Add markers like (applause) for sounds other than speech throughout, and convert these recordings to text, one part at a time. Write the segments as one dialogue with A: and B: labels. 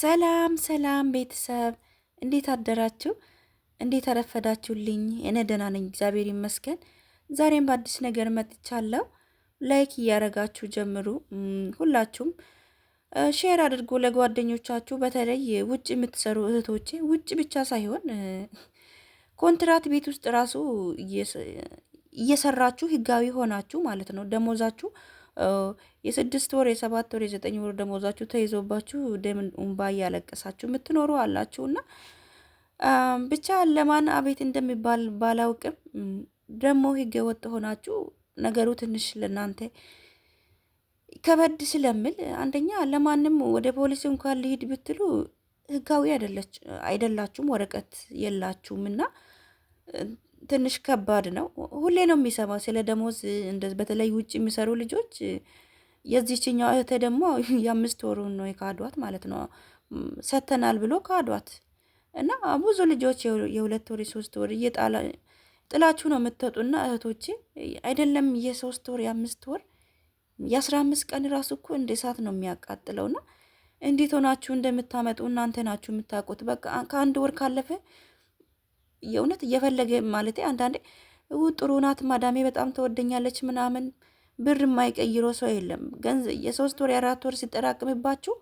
A: ሰላም ሰላም ቤተሰብ እንዴት አደራችሁ? እንዴት አረፈዳችሁልኝ? እኔ ደህና ነኝ እግዚአብሔር ይመስገን። ዛሬም በአዲስ ነገር መጥቻለሁ። ላይክ እያረጋችሁ ጀምሩ። ሁላችሁም ሼር አድርጎ ለጓደኞቻችሁ፣ በተለይ ውጭ የምትሰሩ እህቶቼ፣ ውጭ ብቻ ሳይሆን ኮንትራት ቤት ውስጥ ራሱ እየሰራችሁ ህጋዊ ሆናችሁ ማለት ነው ደሞዛችሁ የስድስት ወር የሰባት ወር የዘጠኝ ወር ደሞዛችሁ ተይዞባችሁ ደም እንባ እያለቀሳችሁ የምትኖሩ አላችሁ እና ብቻ ለማን አቤት እንደሚባል ባላውቅም ደግሞ ህገ ወጥ ሆናችሁ ነገሩ ትንሽ ለእናንተ ከበድ ስለምል አንደኛ ለማንም ወደ ፖሊስ እንኳን ሊሄድ ብትሉ ህጋዊ አይደላችሁም፣ ወረቀት የላችሁም እና ትንሽ ከባድ ነው። ሁሌ ነው የሚሰማው ስለ ደሞዝ በተለይ ውጭ የሚሰሩ ልጆች። የዚችኛው እህቴ ደግሞ (laughs) የአምስት ወሩን ነው የካዷት ማለት ነው። ሰተናል ብሎ ካዷት እና ብዙ ልጆች የሁለት ወር የሶስት ወር እየጣላ ጥላችሁ ነው የምትወጡና እህቶቼ፣ አይደለም የሶስት ወር የአምስት ወር የአስራ አምስት ቀን ራሱ እኮ እንደ እሳት ነው የሚያቃጥለውና እንዴት ሆናችሁ እንደምታመጡ እናንተ ናችሁ የምታውቁት። በቃ ከአንድ ወር ካለፈ የእውነት እየፈለገ ማለት አንዳንዴ ጥሩ ናት ማዳሜ በጣም ተወደኛለች ምናምን ብር የማይቀይሮ ሰው የለም። ገንዘብ የሶስት ወር የአራት ወር ሲጠራቅምባችሁ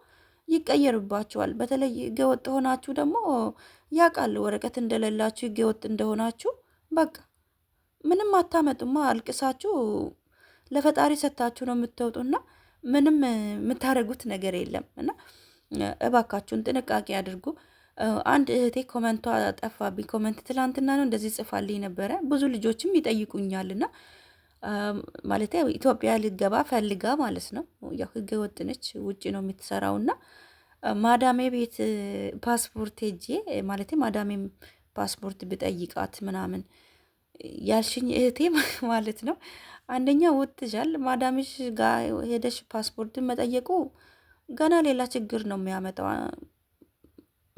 A: ይቀየርባችኋል። በተለይ ህገወጥ ሆናችሁ ደግሞ ያውቃል ወረቀት እንደሌላችሁ ህገወጥ እንደሆናችሁ በቃ ምንም አታመጡማ። አልቅሳችሁ ለፈጣሪ ሰታችሁ ነው የምትወጡና ምንም የምታደርጉት ነገር የለም እና እባካችሁን ጥንቃቄ አድርጉ። አንድ እህቴ ኮመንቷ ጠፋብኝ። ኮመንት ትላንትና ነው እንደዚህ ጽፋልኝ ነበረ። ብዙ ልጆችም ይጠይቁኛልና ማለት ኢትዮጵያ ልገባ ፈልጋ ማለት ነው። ያው ህገ ወጥ ነች፣ ውጭ ነው የምትሰራውና ማዳሜ ቤት ፓስፖርት ሄጄ ማለት ማዳሜ ፓስፖርት ብጠይቃት ምናምን ያልሽኝ እህቴ (laughs) ማለት ነው። አንደኛ ወጥተሻል፣ ማዳምሽ ጋር ሄደሽ ፓስፖርትን መጠየቁ ገና ሌላ ችግር ነው የሚያመጣው።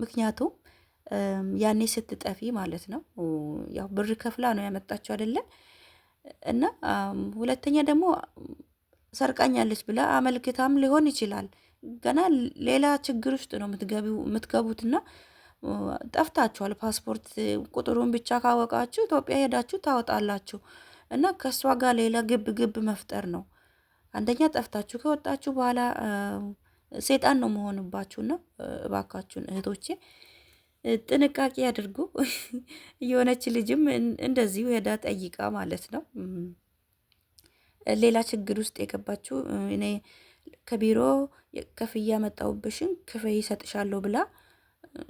A: ምክንያቱም ያኔ ስትጠፊ ማለት ነው ያው ብር ከፍላ ነው ያመጣችው አይደለ? እና ሁለተኛ ደግሞ ሰርቃኛለች ብላ አመልክታም ሊሆን ይችላል። ገና ሌላ ችግር ውስጥ ነው የምትገቡትና ጠፍታችኋል። ፓስፖርት ቁጥሩን ብቻ ካወቃችሁ ኢትዮጵያ ሄዳችሁ ታወጣላችሁ። እና ከእሷ ጋር ሌላ ግብ ግብ መፍጠር ነው። አንደኛ ጠፍታችሁ ከወጣችሁ በኋላ ሴጣን ነው መሆንባችሁና እባካችሁን እህቶቼ ጥንቃቄ አድርጉ። (laughs) የሆነች ልጅም እንደዚሁ ሄዳ ጠይቃ ማለት ነው ሌላ ችግር ውስጥ የገባችው እኔ ከቢሮ ከፍያ መጣሁብሽን ክፈይ ይሰጥሻለሁ ብላ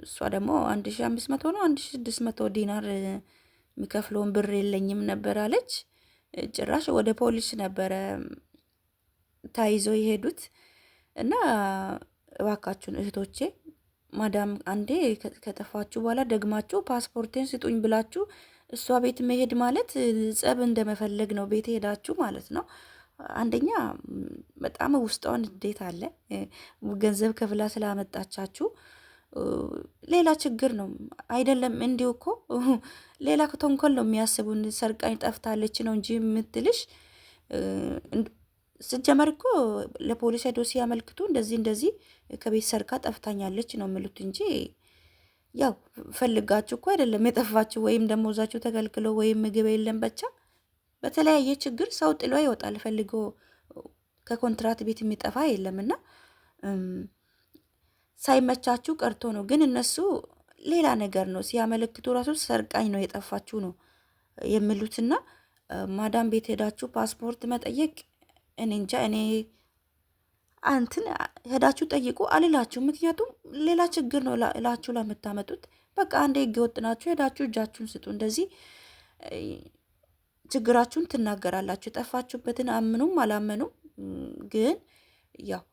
A: እሷ ደግሞ አንድ ሺ አምስት መቶ ነው አንድ ሺ ስድስት መቶ ዲናር የሚከፍለውን ብር የለኝም ነበር አለች። ጭራሽ ወደ ፖሊስ ነበረ ተይዘው የሄዱት። እና እባካችሁን እህቶቼ ማዳም አንዴ ከጠፋችሁ በኋላ ደግማችሁ ፓስፖርቴን ስጡኝ ብላችሁ እሷ ቤት መሄድ ማለት ጸብ እንደመፈለግ ነው። ቤት ሄዳችሁ ማለት ነው። አንደኛ በጣም ውስጧን እንዴት አለ ገንዘብ ከፍላ ስላመጣቻችሁ ሌላ ችግር ነው አይደለም። እንዲሁ እኮ ሌላ ተንኮል ነው የሚያስቡን። ሰርቃኝ ጠፍታለች ነው እንጂ የምትልሽ ስጀመር እኮ ለፖሊስ ሄዶ ሲያመልክቱ እንደዚህ እንደዚህ ከቤት ሰርቃ ጠፍታኛለች ነው የሚሉት እንጂ ያው ፈልጋችሁ እኮ አይደለም የጠፋችሁ፣ ወይም ደግሞ እዛችሁ ተከልክሎ ወይም ምግብ የለም ብቻ በተለያየ ችግር ሰው ጥሎ ይወጣል። ፈልጎ ከኮንትራት ቤት የሚጠፋ የለም እና ሳይመቻችሁ ቀርቶ ነው። ግን እነሱ ሌላ ነገር ነው ሲያመለክቱ ራሱ ሰርቃኝ ነው የጠፋችሁ ነው የሚሉትና ማዳም ቤት ሄዳችሁ ፓስፖርት መጠየቅ እኔ እንጃ እኔ አንትን ሄዳችሁ ጠይቁ አልላችሁ። ምክንያቱም ሌላ ችግር ነው እላችሁ ለምታመጡት። በቃ አንዴ ህገ ወጥ ናችሁ፣ ሄዳችሁ እጃችሁን ስጡ። እንደዚህ ችግራችሁን ትናገራላችሁ። የጠፋችሁበትን አምኑም አላመኑም ግን ያው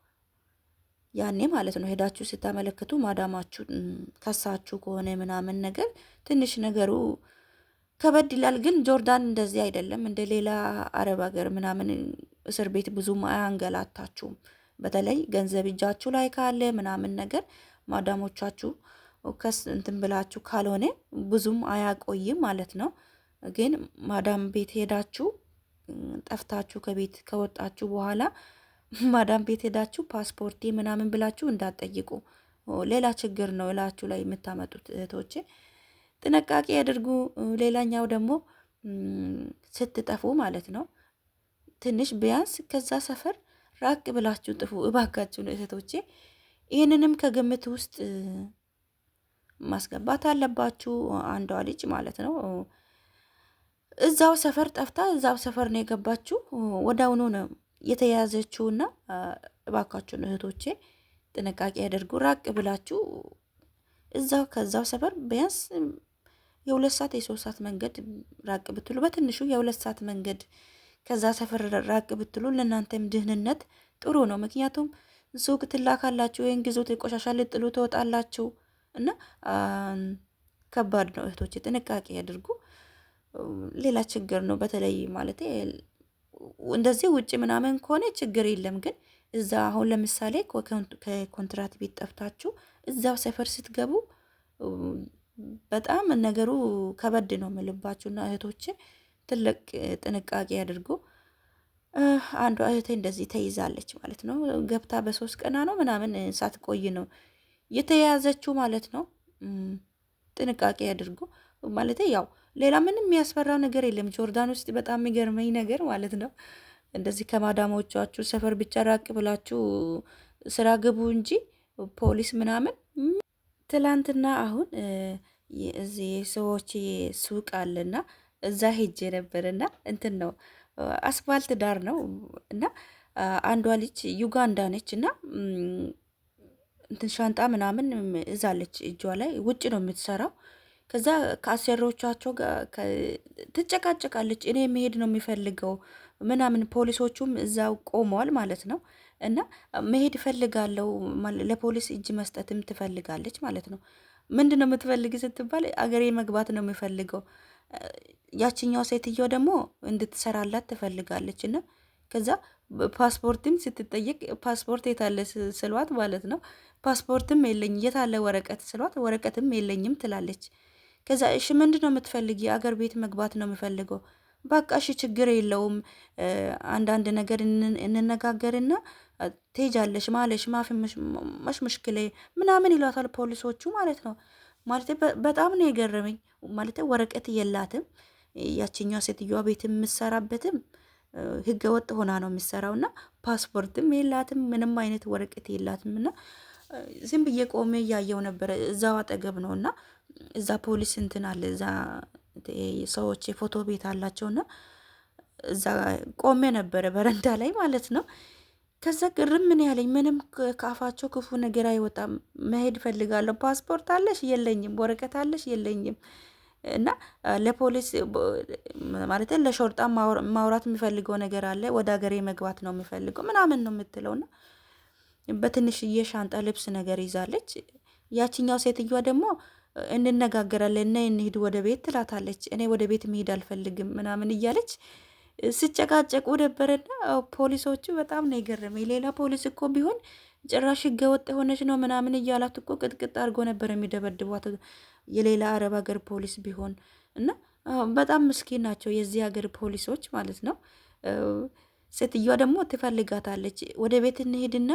A: ያኔ ማለት ነው ሄዳችሁ ስታመለክቱ ማዳማችሁ ከሳችሁ ከሆነ ምናምን ነገር ትንሽ ነገሩ ከበድ ይላል። ግን ጆርዳን እንደዚህ አይደለም። እንደ ሌላ አረብ ሀገር ምናምን እስር ቤት ብዙም አያንገላታችሁም። በተለይ ገንዘብ እጃችሁ ላይ ካለ ምናምን ነገር ማዳሞቻችሁ ከስ እንትን ብላችሁ ካልሆነ ብዙም አያቆይም ማለት ነው። ግን ማዳም ቤት ሄዳችሁ ጠፍታችሁ ከቤት ከወጣችሁ በኋላ ማዳም ቤት ሄዳችሁ ፓስፖርቴ ምናምን ብላችሁ እንዳትጠይቁ፣ ሌላ ችግር ነው እላችሁ ላይ የምታመጡት እህቶቼ ጥንቃቄ ያድርጉ። ሌላኛው ደግሞ ስትጠፉ ማለት ነው ትንሽ ቢያንስ ከዛ ሰፈር ራቅ ብላችሁ ጥፉ እባካችሁ እህቶቼ። ይህንንም ከግምት ውስጥ ማስገባት አለባችሁ። አንዷ ልጅ ማለት ነው እዛው ሰፈር ጠፍታ እዛው ሰፈር ነው የገባችሁ፣ ወዳውኑ ነው የተያዘችውና እባካችሁን እህቶቼ ጥንቃቄ ያደርጉ። ራቅ ብላችሁ እዛው ከዛው ሰፈር ቢያንስ የሁለት ሰዓት የሶስት ሰዓት መንገድ ራቅ ብትሉ በትንሹ የሁለት ሰዓት መንገድ ከዛ ሰፈር ራቅ ብትሉ ለእናንተም ድህንነት ጥሩ ነው። ምክንያቱም ሱቅ ትላካላችሁ፣ ወይም ግዙት፣ ቆሻሻ ልጥሉ ትወጣላችሁ እና ከባድ ነው። እህቶች ጥንቃቄ ያድርጉ። ሌላ ችግር ነው። በተለይ ማለት እንደዚህ ውጭ ምናምን ከሆነ ችግር የለም ግን እዛ አሁን ለምሳሌ ከኮንትራት ቤት ጠፍታችሁ እዛው ሰፈር ስትገቡ በጣም ነገሩ ከበድ ነው የምልባችሁና እህቶቼ ትልቅ ጥንቃቄ አድርጎ አንዷ እህቴ እንደዚህ ተይዛለች ማለት ነው። ገብታ በሶስት ቀና ነው ምናምን ሳትቆይ ነው የተያዘችው ማለት ነው። ጥንቃቄ አድርጎ ማለት ያው ሌላ ምንም የሚያስፈራው ነገር የለም። ጆርዳን ውስጥ በጣም የሚገርመኝ ነገር ማለት ነው እንደዚህ ከማዳሞቻችሁ ሰፈር ብቻ ራቅ ብላችሁ ስራ ግቡ እንጂ ፖሊስ ምናምን። ትላንትና አሁን እዚህ ሰዎች ሱቅ አለና እዛ ሄጄ ነበር እና እንትን ነው አስፋልት ዳር ነው እና አንዷ ልጅ ዩጋንዳ ነች እና እንትን ሻንጣ ምናምን እዛለች እጇ ላይ ውጭ ነው የምትሰራው። ከዛ ከአሰሪዎቻቸው ጋር ትጨቃጨቃለች። እኔ መሄድ ነው የሚፈልገው ምናምን። ፖሊሶቹም እዛው ቆመዋል ማለት ነው እና መሄድ እፈልጋለሁ ለፖሊስ እጅ መስጠትም ትፈልጋለች ማለት ነው። ምንድን ነው የምትፈልግ ስትባል አገሬ መግባት ነው የሚፈልገው ያችኛው ሴትዮ ደግሞ እንድትሰራላት ትፈልጋለች እና ከዛ ፓስፖርትም ስትጠየቅ ፓስፖርት የታለ ስሏት ማለት ነው። ፓስፖርትም የለኝ የታለ ወረቀት ስሏት ወረቀትም የለኝም ትላለች። ከዛ እሺ ምንድን ነው የምትፈልጊ? አገር ቤት መግባት ነው የምፈልገው። በቃ እሺ ችግር የለውም አንዳንድ ነገር እንነጋገርና ትሄጃለሽ ማለሽ ማፊ መሽ ምሽክሌ ምናምን ይሏታል ፖሊሶቹ ማለት ነው። ማለት በጣም ነው የገረመኝ። ማለት ወረቀት የላትም ያችኛዋ ሴትዮዋ ቤት የምትሰራበትም ህገ ወጥ ሆና ነው የምትሰራው እና ፓስፖርትም የላትም ምንም አይነት ወረቀት የላትም እና ዝም ብዬ ቆሜ እያየው ነበረ። እዛው አጠገብ ነው እና እዛ ፖሊስ እንትን አለ እዛ ሰዎች የፎቶ ቤት አላቸውና እዛ ቆሜ ነበረ በረንዳ ላይ ማለት ነው። ከዛ ግርም ምን ያለኝ ምንም ከአፋቸው ክፉ ነገር አይወጣም። መሄድ እፈልጋለሁ። ፓስፖርት አለሽ? የለኝም። ወረቀት አለሽ? የለኝም። እና ለፖሊስ ማለት ለሾርጣ ማውራት የሚፈልገው ነገር አለ። ወደ ሀገሬ መግባት ነው የሚፈልገው ምናምን ነው የምትለውና በትንሽዬ ሻንጣ ልብስ ነገር ይዛለች። ያችኛው ሴትዮዋ ደግሞ እንነጋገራለን እና እንሂድ ወደ ቤት ትላታለች። እኔ ወደ ቤት መሄድ አልፈልግም ምናምን እያለች ስጨቃጨቁ ነበረና ፖሊሶቹ በጣም ነው የገረመኝ። ሌላ ፖሊስ እኮ ቢሆን ጭራሽ ህገወጥ የሆነች ነው ምናምን እያላት እኮ ቅጥቅጥ አድርጎ ነበር የሚደበድቧት የሌላ አረብ ሀገር ፖሊስ ቢሆን እና በጣም ምስኪን ናቸው የዚህ ሀገር ፖሊሶች ማለት ነው። ሴትዮዋ ደግሞ ትፈልጋታለች። ወደ ቤት እንሄድና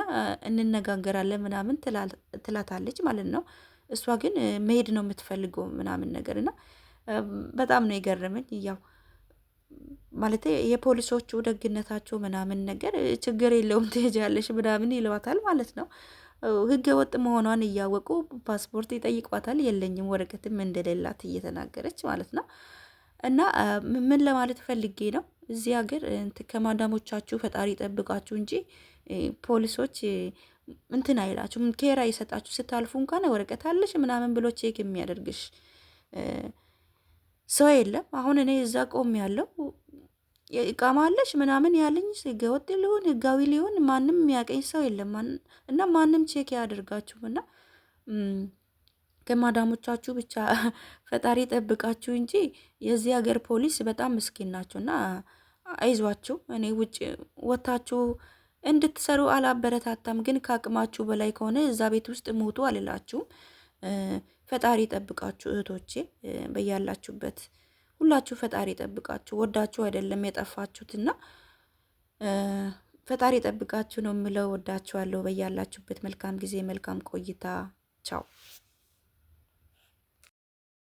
A: እንነጋገራለን ምናምን ትላታለች ማለት ነው። እሷ ግን መሄድ ነው የምትፈልገው ምናምን ነገር እና በጣም ነው የገረመኝ ያው ማለት የፖሊሶቹ ደግነታቸው ምናምን ነገር ችግር የለውም ትሄጃለሽ ምናምን ይለዋታል ማለት ነው። ህገ ወጥ መሆኗን እያወቁ ፓስፖርት ይጠይቋታል። የለኝም ወረቀትም እንደሌላት እየተናገረች ማለት ነው። እና ምን ለማለት ፈልጌ ነው እዚህ ሀገር ከማዳሞቻችሁ ፈጣሪ ይጠብቃችሁ እንጂ ፖሊሶች እንትን አይላችሁም፣ ኬራ ይሰጣችሁ። ስታልፉ እንኳን ወረቀት አለሽ ምናምን ብሎ ቼክ የሚያደርግሽ ሰው የለም። አሁን እኔ እዛ ቆም ያለው ይቃማለሽ ምናምን ያለኝ ህገወጥ ሊሆን ህጋዊ ሊሆን ማንም የሚያቀኝ ሰው የለም እና ማንም ቼክ ያደርጋችሁ እና ከማዳሞቻችሁ ብቻ (laughs) ፈጣሪ ጠብቃችሁ እንጂ የዚህ ሀገር ፖሊስ በጣም ምስኪን ናቸው እና አይዟችሁ። እኔ ውጭ ወታችሁ እንድትሰሩ አላበረታታም፣ ግን ከአቅማችሁ በላይ ከሆነ እዛ ቤት ውስጥ ሞቱ አልላችሁም። ፈጣሪ ጠብቃችሁ እህቶቼ፣ በያላችሁበት ሁላችሁ ፈጣሪ ጠብቃችሁ። ወዳችሁ አይደለም የጠፋችሁትና ፈጣሪ ጠብቃችሁ ነው የምለው። ወዳችኋለሁ። በያላችሁበት መልካም ጊዜ፣ መልካም ቆይታ። ቻው